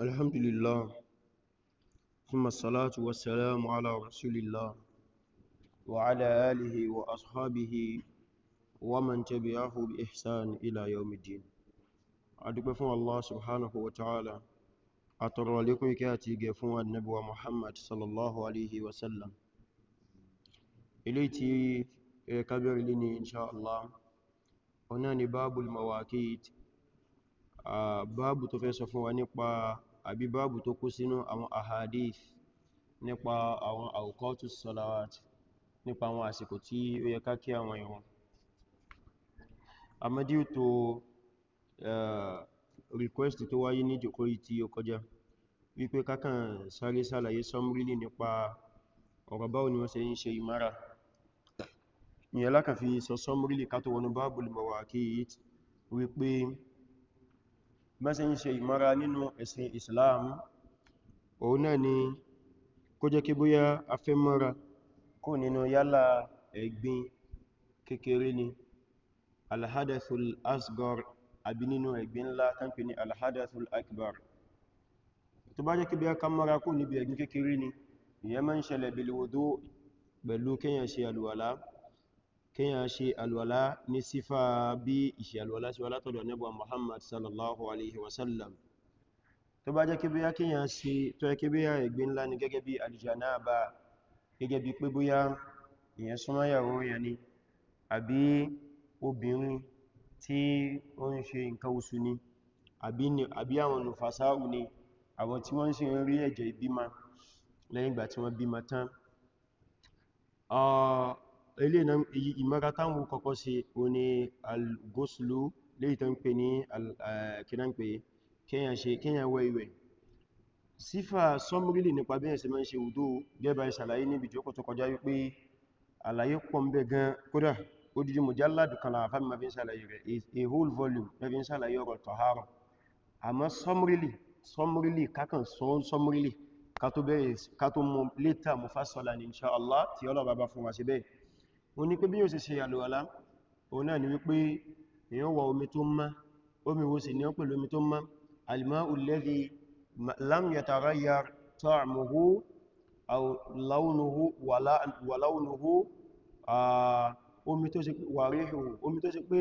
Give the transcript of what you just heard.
الحمد لله ثم الصلاة والسلام على رسول الله وعلى آله وأصحابه ومن تبعه بإحسان إلى يوم الدين أدوك الله سبحانه وتعالى أطر لكم كاتي قفون النبوة محمد صلى الله عليه وسلم إليتي كبير لني إن شاء الله هنا باب المواكيت báàbù tó fẹ́ sọ fún wa nípa àbí báàbù tó kó sínú àwọn ahadith nípa àwọn àwùkọ́tù salawat nípa àwọn àsìkò tí ó yẹ ká kí àwọn ìwọ̀n amadiu tó request tó wáyé ní jòkó tí ó kọjá wípé kákan sáré sàlàyé sọmrílì nípa ọ̀rọ̀ báwo ni wọ́n ṣe ń ṣe ìmára ìyẹn lákàfí sọ sọmrílì ká tó wọnú báàbù mawaqit wípé mẹ́sẹ̀ ń ṣe ìmọ́ra nínú ẹ̀sìn Islam òun náà ni kó jẹ́ kí bóyá afẹ́ mọ́ra kó nínú yálà ẹ̀gbin kékeré ni alhadathul asgar àbí nínú ẹ̀gbin ńlá tánpì ní alhadathul akbar tó bá jẹ́ kí bóyá ká mọ́ra kó níbi ẹ̀gbin kékeré ni ìyẹn máa ń ṣẹlẹ̀ bilwudu pẹ̀lú kíyàn ṣe kíyàn ṣe alwàlá ní sífà bí ìṣe alwàlá sí wà látọ̀dọ̀ Ànábì Muhammad sallallahu alaihi wasallam tó bá jẹ́ kí bóyá kíyàn ṣe tó yẹ kí bóyá ẹ̀gbin ńlá ni gẹ́gẹ́ bí aljanaba gẹ́gẹ́ bí pé bóyá ìyẹn súnmọ́ yẹn ni àbí obìnrin tí ó ń ṣe nǹkan oṣù ni àbí àwọn nùfàsáù ni àwọn tí wọ́n ń rí ẹ̀jẹ̀ ìbímọ lẹ́yìn ìgbà tí wọ́n bímọ tán ilé ìmọ́ra táwọn kọ́kọ́ ṣe o ní al-guslu lè tán pè ní kìránpé kíyàn wẹ ìwẹ̀ sífà sọmrílì nípa bí ẹ̀sẹ̀ mẹ́ṣe ùdó gẹ́bà ìṣàlàyé níbi jókòó tó kọjá wípé àlàyé pọ̀ ń bẹ gan kódà odidi mujalladu kan láàfá ma fi ń ṣàlàyé rẹ̀ a whole volume ma fi ń ṣàlàyé ọ̀rọ̀ tọ̀hárọ̀ àmọ́ sọmrílì sọmrílì kákan sọmrílì ká tó bẹ̀rẹ̀ ká tó mú létà mufassala ní inṣáàlá tí ọlọ́bàbá fún wa sí bẹ́ẹ̀ o ní pé bí yóò ṣe ṣe àlùwàlá òun náà ni wípé èyàn wọ omi tó mọ́ omi wo sì ní ó pẹ̀lú omi tó mọ́ al-mā'u alladhī lam yataghayyar ta'muhu omi tó ṣe pé